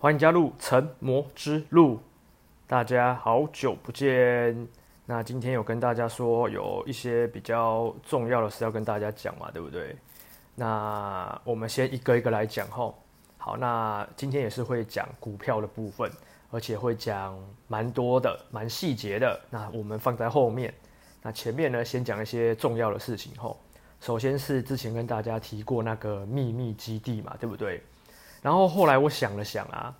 歡迎加入成魔之路，大家好久不見。那今天有跟大家說有一些比較重要的事要跟大家講嘛，對不對？那我們先一個一個來講吼。好，那今天也是會講股票的部分，而且會講蠻多的、蠻細節的。那我們放在後面，那前面呢先講一些重要的事情吼。首先是之前跟大家提過那個秘密基地嘛，對不對？然後後來我想了想啊，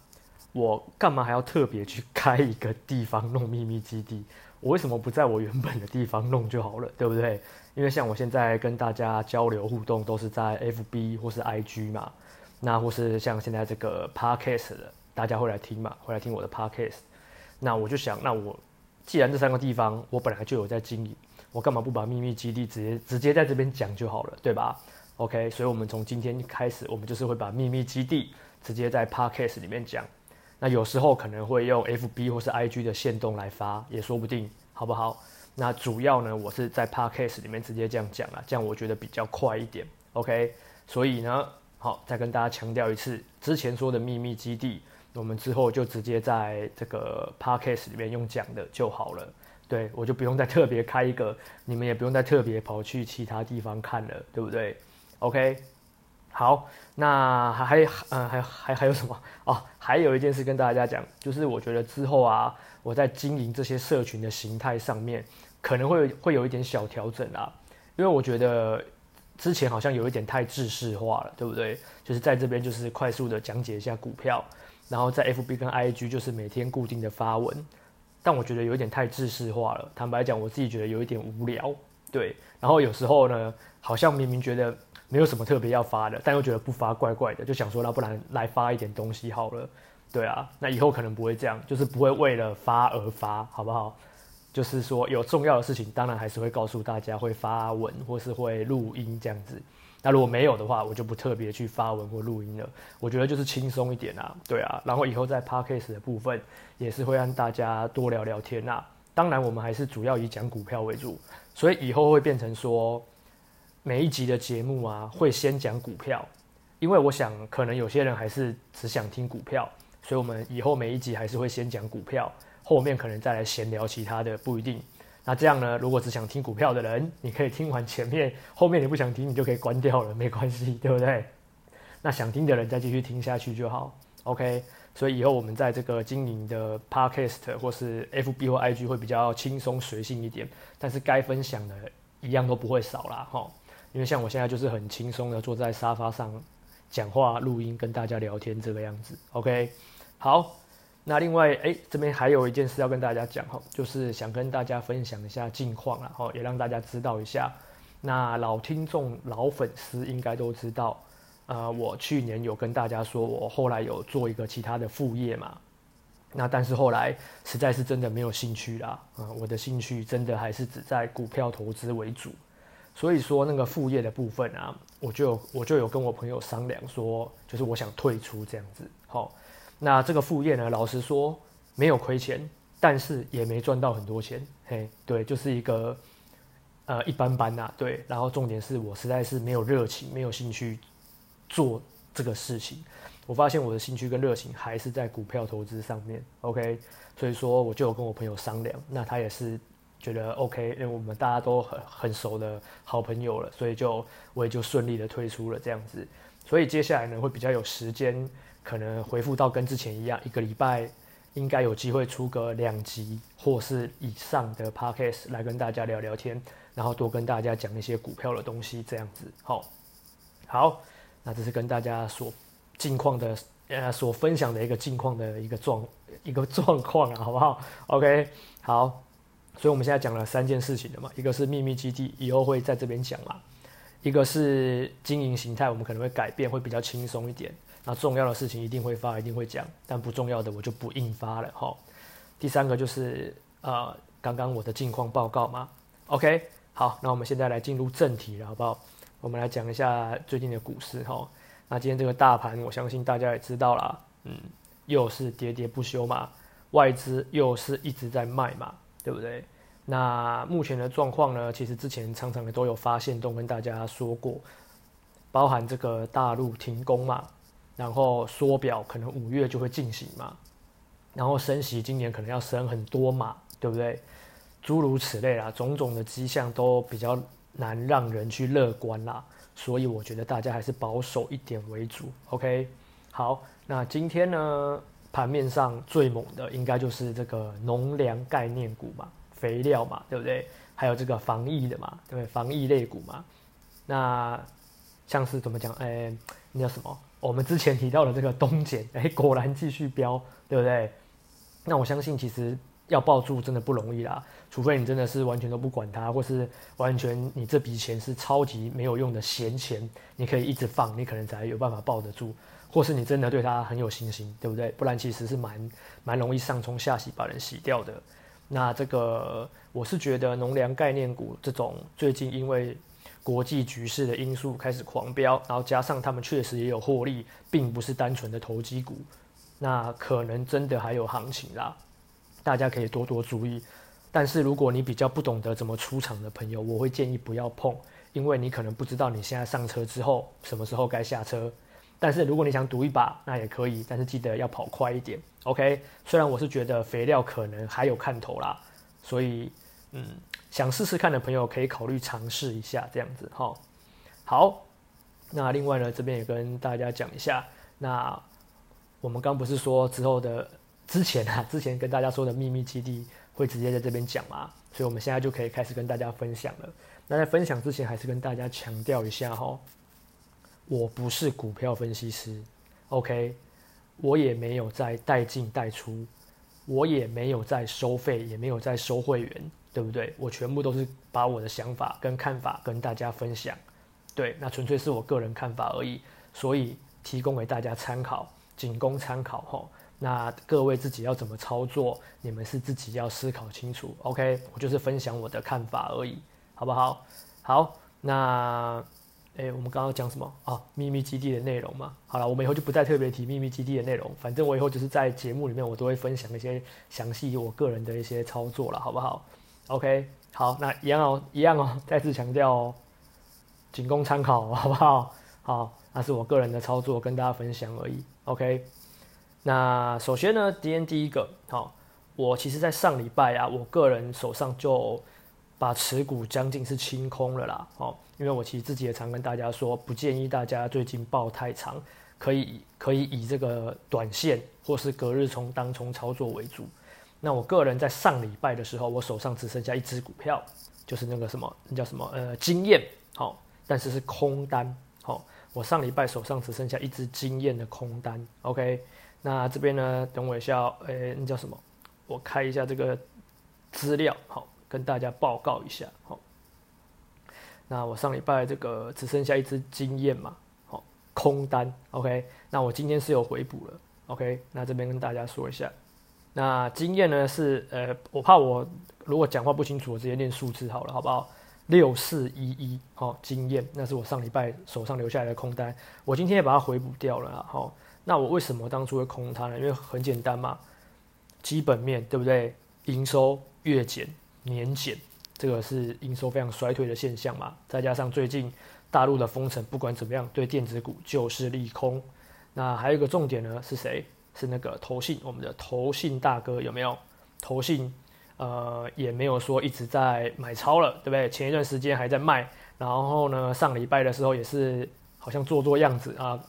我幹嘛還要特別去開一個地方弄秘密基地？我為什麼不在我原本的地方弄就好了，對不對？因為像我現在跟大家交流互動都是在 FB 或是 IG 嘛，那或是像現在這個 Podcast，大家會來聽嘛，會來聽我的 Podcast。那我就想，那我既然這三個地方我本來就有在經營，我幹嘛不把秘密基地直接直接在這邊講就好了，對吧？OK，所以我們從今天開始，我們就是會把秘密基地直接在 Podcast 裡面講。那有時候可能會用 FB 或是 IG 的限動來發，也說不定，好不好？那主要呢，我是在 Podcast 裡面直接這樣講啊，這樣我覺得比較快一點。OK，所以呢，好，再跟大家強調一次，之前說的秘密基地，我們之後就直接在這個 Podcast 裡面用講的就好了。對，我就不用再特別開一個，你們也不用再特別跑去其他地方看了，對不對？OK，好，那還，嗯、呃，還還還有什麼哦、啊？還有一件事跟大家講，就是我覺得之後啊，我在經營這些社群的形態上面，可能會會有一點小調整啊，因為我覺得之前好像有一點太制式化了，對不對？就是在這邊就是快速的講解一下股票，然後在 FB 跟 IG 就是每天固定的發文，但我覺得有一點太制式化了，坦白講，我自己覺得有一點無聊。對，然後有時候呢，好像明明覺得沒有什麼特別要發的，但又覺得不發怪怪的，就想說那不然來發一點東西好了。對啊，那以後可能不會這樣，就是不會為了發而發，好不好？就是說有重要的事情，當然還是會告訴大家會發文或是會錄音這樣子。那如果沒有的話，我就不特別去發文或錄音了。我覺得就是輕鬆一點啊，對啊。然後以後在 podcast 的部分也是會讓大家多聊聊天啊。當然，我們還是主要以講股票為主。所以以後會變成說，每一集的節目啊，會先講股票，因為我想可能有些人還是只想聽股票，所以我們以後每一集還是會先講股票，後面可能再來閒聊其他的不一定。那這樣呢，如果只想聽股票的人，你可以聽完前面，後面你不想聽，你就可以關掉了，沒關係，對不對？那想聽的人再繼續聽下去就好。OK。所以以後我們在這個經營的 Podcast 或是 FB 或 IG 會比較輕鬆隨性一點，但是該分享的一樣都不會少啦，哈。因為像我現在就是很輕鬆的坐在沙發上講話、錄音、跟大家聊天這個樣子。OK，好，那另外哎、欸，這邊還有一件事要跟大家講哈，就是想跟大家分享一下近況，然後也讓大家知道一下。那老聽眾、老粉絲應該都知道。啊、呃，我去年有跟大家說，我後來有做一個其他的副業嘛，那但是後來實在是真的沒有興趣啦，啊、呃，我的興趣真的還是只在股票投資為主，所以說那個副業的部分啊，我就我就有跟我朋友商量說，就是我想退出這樣子。好，那這個副業呢，老實說沒有虧錢，但是也沒賺到很多錢，嘿，對，就是一個呃一般般啦、啊。對，然後重點是我實在是沒有熱情，沒有興趣。做這個事情，我發現我的興趣跟熱情還是在股票投資上面。OK，所以說我就有跟我朋友商量，那他也是覺得 OK，因為我們大家都很很熟的好朋友了，所以就我也就順利的推出了這樣子。所以接下來呢，會比較有時間，可能回復到跟之前一樣，一個禮拜應該有機會出個兩集或是以上的 Podcast 來跟大家聊聊天，然後多跟大家講一些股票的東西這樣子。好，好。那這是跟大家所近況的，呃，所分享的一個近況的一個狀一個狀況啊，好不好？OK，好，所以我們現在講了三件事情的嘛，一個是秘密基地，以後會在這邊講嘛；一個是經營形態，我們可能會改變，會比較輕鬆一點。那重要的事情一定會發，一定會講，但不重要的我就不印發了吼。第三個就是呃，剛剛我的近況報告嘛。OK，好，那我們現在來進入正題了，好不好？我們來講一下最近的股市哈。那今天這個大盤，我相信大家也知道啦，嗯，又是跌跌不休嘛，外資又是一直在賣嘛，對不對？那目前的狀況呢，其實之前常常都有發現，都跟大家說過，包含這個大陸停工嘛，然後縮表可能五月就會進行嘛，然後升息今年可能要升很多嘛，對不對？諸如此類啦，種種的跡象都比較。難讓人去樂觀啦，啊，所以我覺得大家還是保守一點為主。OK，好，那今天呢盤面上最猛的應該就是這個農糧概念股嘛，肥料嘛，對不對？還有這個防疫的嘛，對不對？防疫類股嘛，那像是怎麼講？哎，欸，那叫什麼？我們之前提到的這個東鹼，哎，欸，果然繼續飆，對不對？那我相信其實。要抱住真的不容易啦，除非你真的是完全都不管它，或是完全你這筆錢是超級沒有用的閒錢，你可以一直放，你可能才有辦法抱得住，或是你真的對它很有信心，對不對？不然其實是蠻蠻容易上沖下洗把人洗掉的。那這個我是覺得農糧概念股這種最近因為國際局勢的因素開始狂飆，然後加上他們確實也有獲利，並不是單純的投機股，那可能真的還有行情啦。大家可以多多注意，但是如果你比較不懂得怎麼出場的朋友，我會建議不要碰，因為你可能不知道你現在上車之後什麼時候該下車。但是如果你想賭一把，那也可以，但是記得要跑快一點。OK，雖然我是覺得肥料可能還有看頭啦，所以嗯，想試試看的朋友可以考慮嘗試一下這樣子哈。好，那另外呢，這邊也跟大家講一下，那我們剛不是說之後的。之前啊，之前跟大家說的秘密基地會直接在這邊講嘛，所以我們現在就可以開始跟大家分享了。那在分享之前，還是跟大家強調一下吼，我不是股票分析師，OK，我也沒有在帶進帶出，我也沒有在收費，也沒有在收會員，對不對？我全部都是把我的想法跟看法跟大家分享，對，那純粹是我個人看法而已，所以提供給大家參考，僅供參考吼。那各位自己要怎麼操作，你們是自己要思考清楚。OK，我就是分享我的看法而已，好不好？好，那誒，我們剛剛講什麼啊？祕密基地的內容嘛。好了，我們以後就不再特別提祕密基地的內容。反正我以後就是在節目裡面，我都會分享一些詳細我個人的一些操作了，好不好？OK，好，那一樣哦，一樣哦，再次強調哦，僅供參考，好不好？好，那是我個人的操作，跟大家分享而已。OK。那首先呢，今天第一個，好、哦，我其實在上禮拜啊，我個人手上就把持股將近是清空了啦、哦，因為我其實自己也常跟大家說，不建議大家最近抱太長，可以可以以這個短線或是隔日沖當沖操作為主。那我個人在上禮拜的時候，我手上只剩下一支股票，就是那個什麼，那叫什麼，呃，經驗，好、哦，但是是空單。我上禮拜手上只剩下一支經驗的空單，OK？那這邊呢，等我一下，喔，誒、欸，那叫什麼？我開一下這個資料，好，跟大家報告一下，好。那我上禮拜這個只剩下一支經驗嘛，好，空單，OK？那我今天是有回補了，OK？那這邊跟大家說一下，那經驗呢是，呃，我怕我如果講話不清楚，我直接念數字好了，好不好？六四一一，好、哦、晶焱。那是我上禮拜手上留下來的空單，我今天也把它回補掉了。好、哦，那我為什麼當初會空它呢？因為很簡單嘛，基本面對不對？營收月減、年減，這個是營收非常衰退的現象嘛？再加上最近大陸的封城，不管怎麼樣，對電子股就是利空。那還有一個重點呢，是誰？是那個投信，我們的投信大哥有沒有？投信。呃，也沒有說一直在買超了，對不對？前一段時間還在賣，然後呢，上禮拜的時候也是好像做做樣子啊，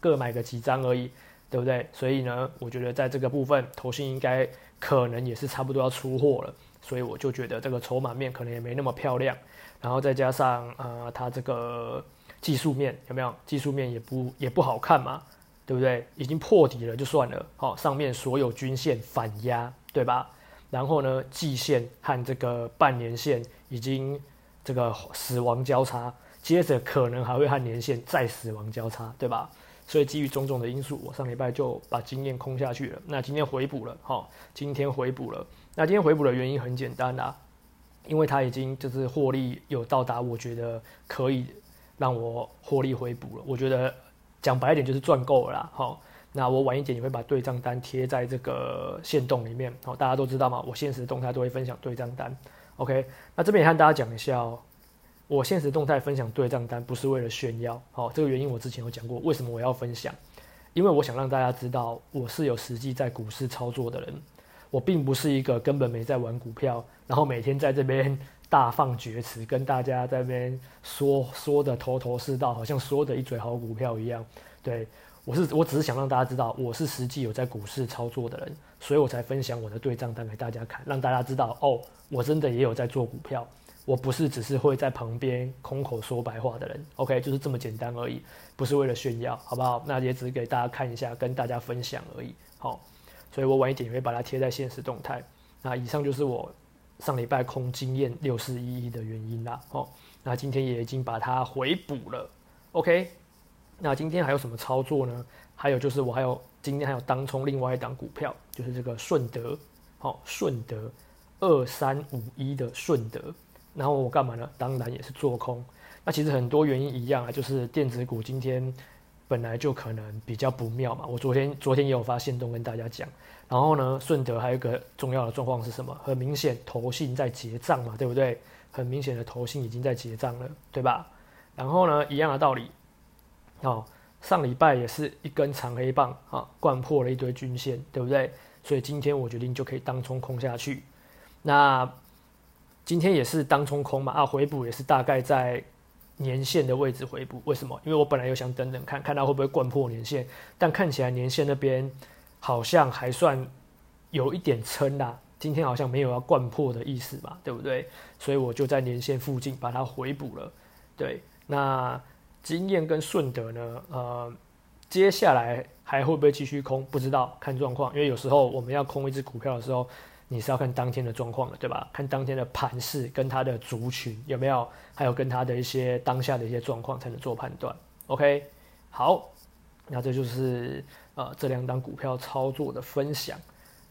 各買個幾張而已，對不對？所以呢，我覺得在這個部分，投信應該可能也是差不多要出貨了，所以我就覺得這個籌碼面可能也沒那麼漂亮，然後再加上呃，它這個技術面有沒有？技術面也不也不好看嘛，對不對？已經破底了就算了，好、哦，上面所有均線反壓，對吧？然後呢，季線和這個半年線已經這個死亡交叉，接着可能還會和年線再死亡交叉，對吧？所以基於種種的因素，我上禮拜就把經驗空下去了。那今天回補了，哈，今天回補了。那今天回補的原因很簡單啊，因為它已經就是獲利有到達，我覺得可以讓我獲利回補了。我覺得講白一點就是賺夠了啦，哈。那我晚一點，也會把對賬單貼在這個限動裡面，好、喔，大家都知道嗎？我現實動態都會分享對賬單，OK？那這邊也和大家講一下、喔，我現實動態分享對賬單不是為了炫耀，好、喔，這個原因我之前有講過，為什麼我要分享？因為我想讓大家知道我是有實際在股市操作的人，我並不是一個根本沒在玩股票，然後每天在這邊大放厥詞，跟大家在這邊說說的頭頭是道，好像說的一嘴好股票一樣，對。我是，我只是想讓大家知道，我是實際有在股市操作的人，所以我才分享我的對賬單給大家看，讓大家知道哦，我真的也有在做股票，我不是只是會在旁邊空口說白話的人。OK，就是這麼簡單而已，不是為了炫耀，好不好？那也只是給大家看一下，跟大家分享而已。好，所以我晚一點也會把它貼在限時動態。那以上就是我上禮拜空晶焱六四一一的原因啦。好，那今天也已經把它回補了。OK。那今天還有什麼操作呢？還有就是，我還有今天還有當沖另外一檔股票，就是這個順德，好、哦，順德二三五一的順德。然後我幹嘛呢？當然也是做空。那其實很多原因一樣啊，就是電子股今天本來就可能比較不妙嘛。我昨天昨天也有發現，都跟大家講。然後呢，順德還有一個重要的狀況是什麼？很明顯，投信在結賬嘛，對不對？很明顯的投信已經在結賬了，對吧？然後呢，一樣的道理。哦，上禮拜也是一根長黑棒啊，哦，灌破了一堆均線，對不對？所以今天我決定就可以當沖空下去。那今天也是當沖空嘛啊，回補也是大概在年線的位置回補。為什麼？因為我本來又想等等看看，看到會不會貫破年線，但看起來年線那邊好像還算有一點撐啦。今天好像沒有要貫破的意思吧，對不對？所以我就在年線附近把它回補了。對，那。經驗跟順德呢，呃，接下來還會不會繼續空？不知道，看狀況。因為有時候我們要空一支股票的時候，你是要看當天的狀況的，對吧？看當天的盤勢跟它的族群有沒有，還有跟它的一些當下的一些狀況才能做判斷。OK，好，那這就是呃這兩檔股票操作的分享。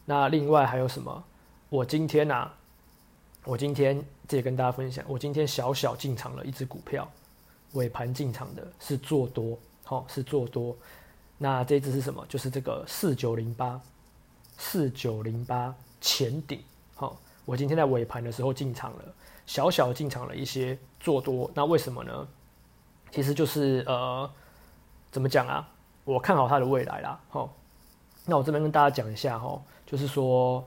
那另外還有什麼？我今天啊，我今天這也跟大家分享，我今天小小進場了一支股票。尾盤進場的是做多，好，是做多。那這一支是什麼？就是這個四九零八，四九零八前頂，好，我今天在尾盤的時候進場了，小小進場了一些做多。那為什麼呢？其實就是呃，怎麼講啊？我看好它的未來啦，好。那我這邊跟大家講一下哈，就是說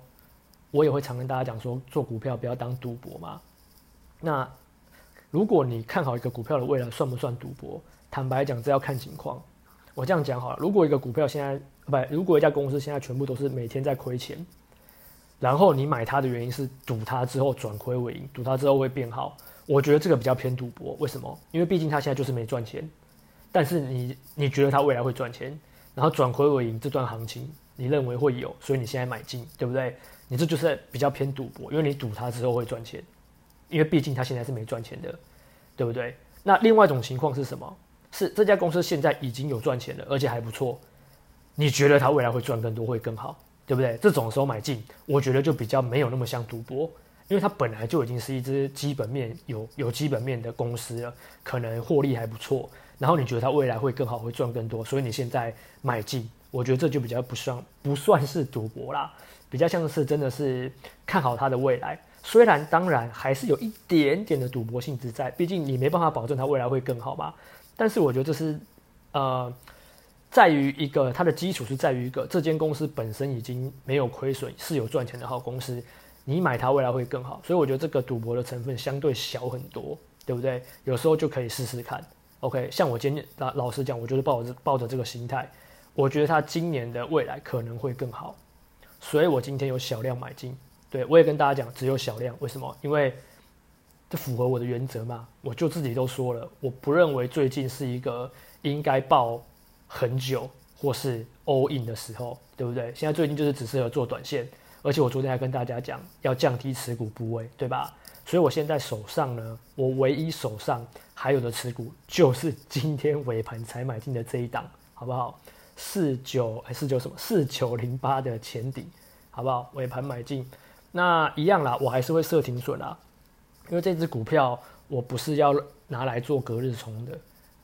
我也會常跟大家講說，做股票不要當賭博嘛。那如果你看好一個股票的未來，算不算賭博？坦白講，這要看情況。我這樣講好了，如果一個股票現在不，如果一家公司現在全部都是每天在虧錢，然後你買它的原因是賭它之後轉虧為盈，賭它之後會變好，我覺得這個比較偏賭博。為什麼？因為畢竟它現在就是沒賺錢，但是你你覺得它未來會賺錢，然後轉虧為盈這段行情你認為會有，所以你現在買進，對不對？你這就是比較偏賭博，因為你賭它之後會賺錢。因為畢竟他現在是沒賺錢的，對不對？那另外一種情況是什麼？是這家公司現在已經有賺錢了，而且還不錯。你覺得它未來會賺更多，會更好，對不對？這種時候買進，我覺得就比較沒有那麼像賭博，因為它本來就已經是一隻基本面有，有基本面的公司了，可能獲利還不錯。然後你覺得它未來會更好，會賺更多，所以你現在買進。我覺得這就比較不算不算是賭博啦，比較像是真的是看好它的未來。雖然當然還是有一點點的賭博性質在，畢竟你沒辦法保證它未來會更好嘛。但是我覺得這是呃，在於一個它的基礎是在於一個這間公司本身已經沒有虧損，是有賺錢的好公司，你買它未來會更好。所以我覺得這個賭博的成分相對小很多，對不對？有時候就可以試試看。OK，像我今天老，老實講，我就是抱着抱着這個心態。我覺得他今年的未來可能會更好，所以我今天有小量買進。對，我也跟大家講，只有小量，為什麼？因為這符合我的原則嘛。我就自己都說了，我不認為最近是一個應該抱很久或是 all in 的時候，對不對？現在最近就是只適合做短線，而且我昨天還跟大家講要降低持股部位，對吧？所以我現在手上呢，我唯一手上還有的持股就是今天尾盤才買進的這一檔，好不好？四九還是叫什麼？四九零八的前底，好不好？尾盤買進，那一樣啦，我還是會設停損啦。因為這支股票我不是要拿來做隔日沖的，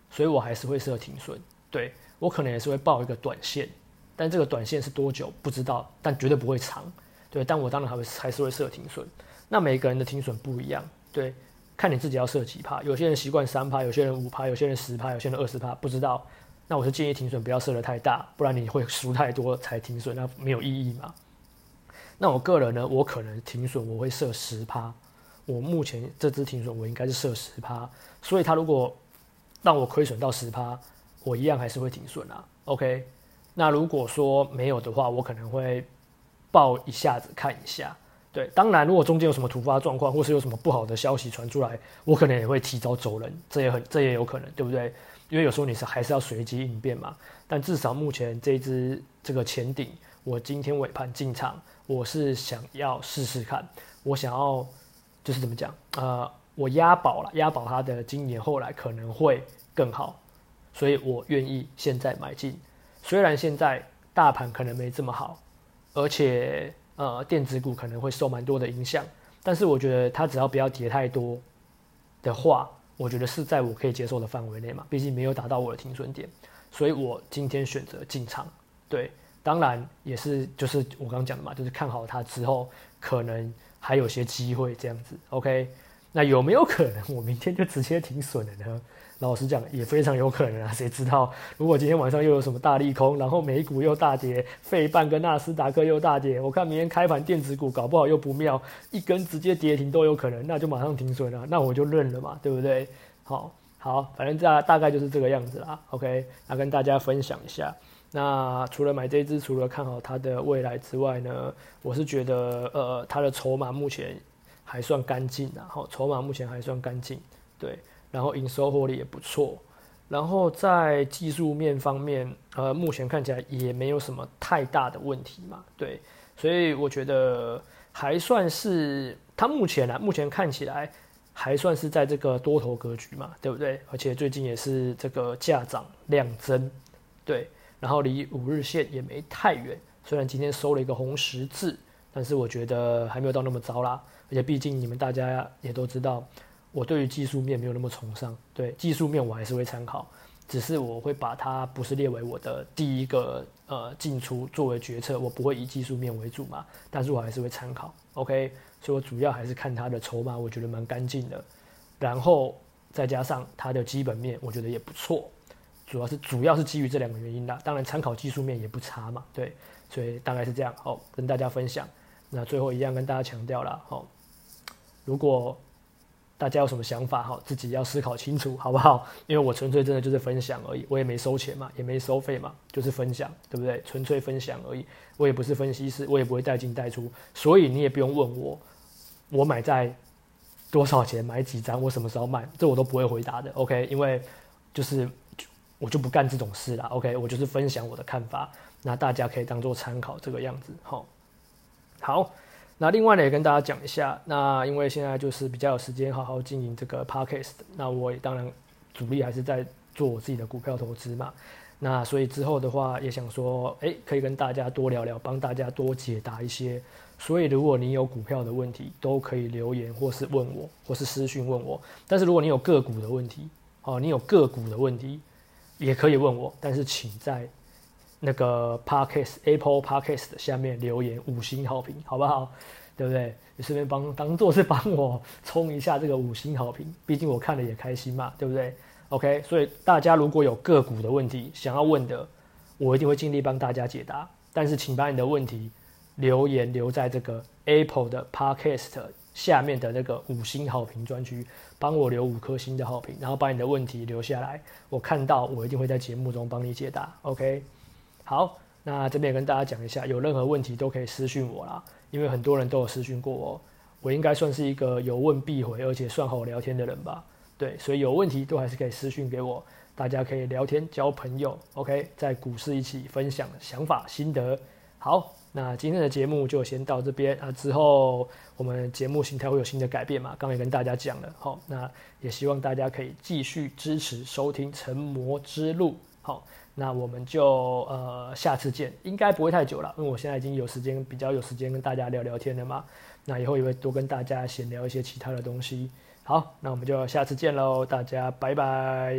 所以我還是會設停損。對，我可能也是會報一個短線，但這個短線是多久不知道，但絕對不會長。對，但我當然還會還是會設停損。那每個人的停損不一樣，對，看你自己要設幾趴。有些人習慣三趴，有些人五趴，有些人十趴，有些人二十趴，不知道。那我是建議停損不要設的太大，不然你會輸太多才停損，那沒有意義嘛。那我個人呢，我可能停損我會設十趴，我目前這支停損我應該是設十趴，所以他如果讓我虧損到十趴，我一樣還是會停損啊。OK，那如果說沒有的話，我可能會抱一下子看一下。對，當然，如果中間有什麼突發狀況，或是有什麼不好的消息傳出來，我可能也會提早走人，這也很，這也有可能，對不對？因為有時候你是還是要隨機應變嘛。但至少目前這支這個前頂，我今天尾盤進場，我是想要試試看，我想要就是怎麼講，呃，我押寶了，押寶它的今年後來可能會更好，所以我願意現在買進。雖然現在大盤可能沒這麼好，而且。呃，電子股可能會受蠻多的影響，但是我覺得它只要不要跌太多的話，我覺得是在我可以接受的範圍內嘛。畢竟沒有達到我的停損點，所以我今天選擇進場。對，當然也是就是我剛剛講的嘛，就是看好它之後可能還有些機會這樣子。OK，那有沒有可能我明天就直接停損了呢？老實講也非常有可能啊，誰知道？如果今天晚上又有什麼大利空，然後美股又大跌，費半個納斯達克又大跌，我看明天開盤電子股搞不好又不妙，一根直接跌停都有可能，那就馬上停損了，那我就認了嘛，對不對？好、哦、好，反正大概就是這個樣子啦。OK，那跟大家分享一下。那除了買這只，除了看好它的未來之外呢，我是覺得呃，它的籌碼目前還算乾淨的哈、哦，籌碼目前還算乾淨，對。然後營收獲利也不錯，然後在技術面方面，呃，目前看起來也沒有什麼太大的問題嘛，對，所以我覺得還算是它目前呢，啊，目前看起來還算是在這個多頭格局嘛，對不對？而且最近也是這個價漲量增，對，然後離五日線也沒太遠，雖然今天收了一個紅十字，但是我覺得還沒有到那麼糟啦，而且畢竟你們大家也都知道。我對於技術面沒有那麼崇尚，對技術面我還是會參考，只是我會把它不是列為我的第一個呃進出作為決策，我不會以技術面為主嘛，但是我還是會參考，OK，所以我主要還是看它的籌碼，我覺得蠻乾淨的，然後再加上它的基本面，我覺得也不錯，主要是主要是基於這兩個原因啦，當然參考技術面也不差嘛，對，所以大概是這樣好，跟大家分享，那最後一樣跟大家強調啦，好，如果。大家有什麼想法哈？自己要思考清楚，好不好？因為我純粹真的就是分享而已，我也沒收錢嘛，也沒收費嘛，就是分享，對不對？純粹分享而已，我也不是分析師，我也不會帶進帶出，所以你也不用問我，我買在多少錢，買幾張，我什麼時候賣，這我都不會回答的。OK，因為就是我就不幹這種事啦。OK，我就是分享我的看法，那大家可以當做參考這個樣子，好，好。那另外呢，也跟大家講一下，那因為現在就是比較有時間好好經營這個 podcast，那我也當然主力還是在做我自己的股票投資嘛。那所以之後的話，也想說，誒、欸，可以跟大家多聊聊，幫大家多解答一些。所以如果你有股票的問題，都可以留言或是問我，或是私訊問我。但是如果你有個股的問題，哦、啊，你有個股的問題也可以問我，但是請在。那個 Podcast Apple Podcast 下面留言五星好評，好不好？對不對？你順便幫當做是幫我衝一下這個五星好評，畢竟我看了也開心嘛，對不對？OK，所以大家如果有個股的問題想要問的，我一定會盡力幫大家解答。但是請把你的問題留言留在這個 Apple 的 Podcast 下面的那個五星好評專區，幫我留五顆星的好評，然後把你的問題留下來，我看到我一定會在節目中幫你解答。OK。好，那這邊也跟大家講一下，有任何問題都可以私訊我啦，因為很多人都有私訊過我，我應該算是一個有問必回，而且算好聊天的人吧，對，所以有問題都還是可以私訊給我，大家可以聊天交朋友，OK，在股市一起分享想法心得。好，那今天的節目就先到這邊啊，之後我們節目形態會有新的改變嘛，剛也跟大家講了，好，那也希望大家可以繼續支持收聽《成魔之路》齁，好。那我們就呃下次見，應該不會太久了，因為我現在已經有時間，比較有時間跟大家聊聊天了嘛。那以後也會多跟大家閒聊一些其他的東西。好，那我們就下次見嘍，大家拜拜。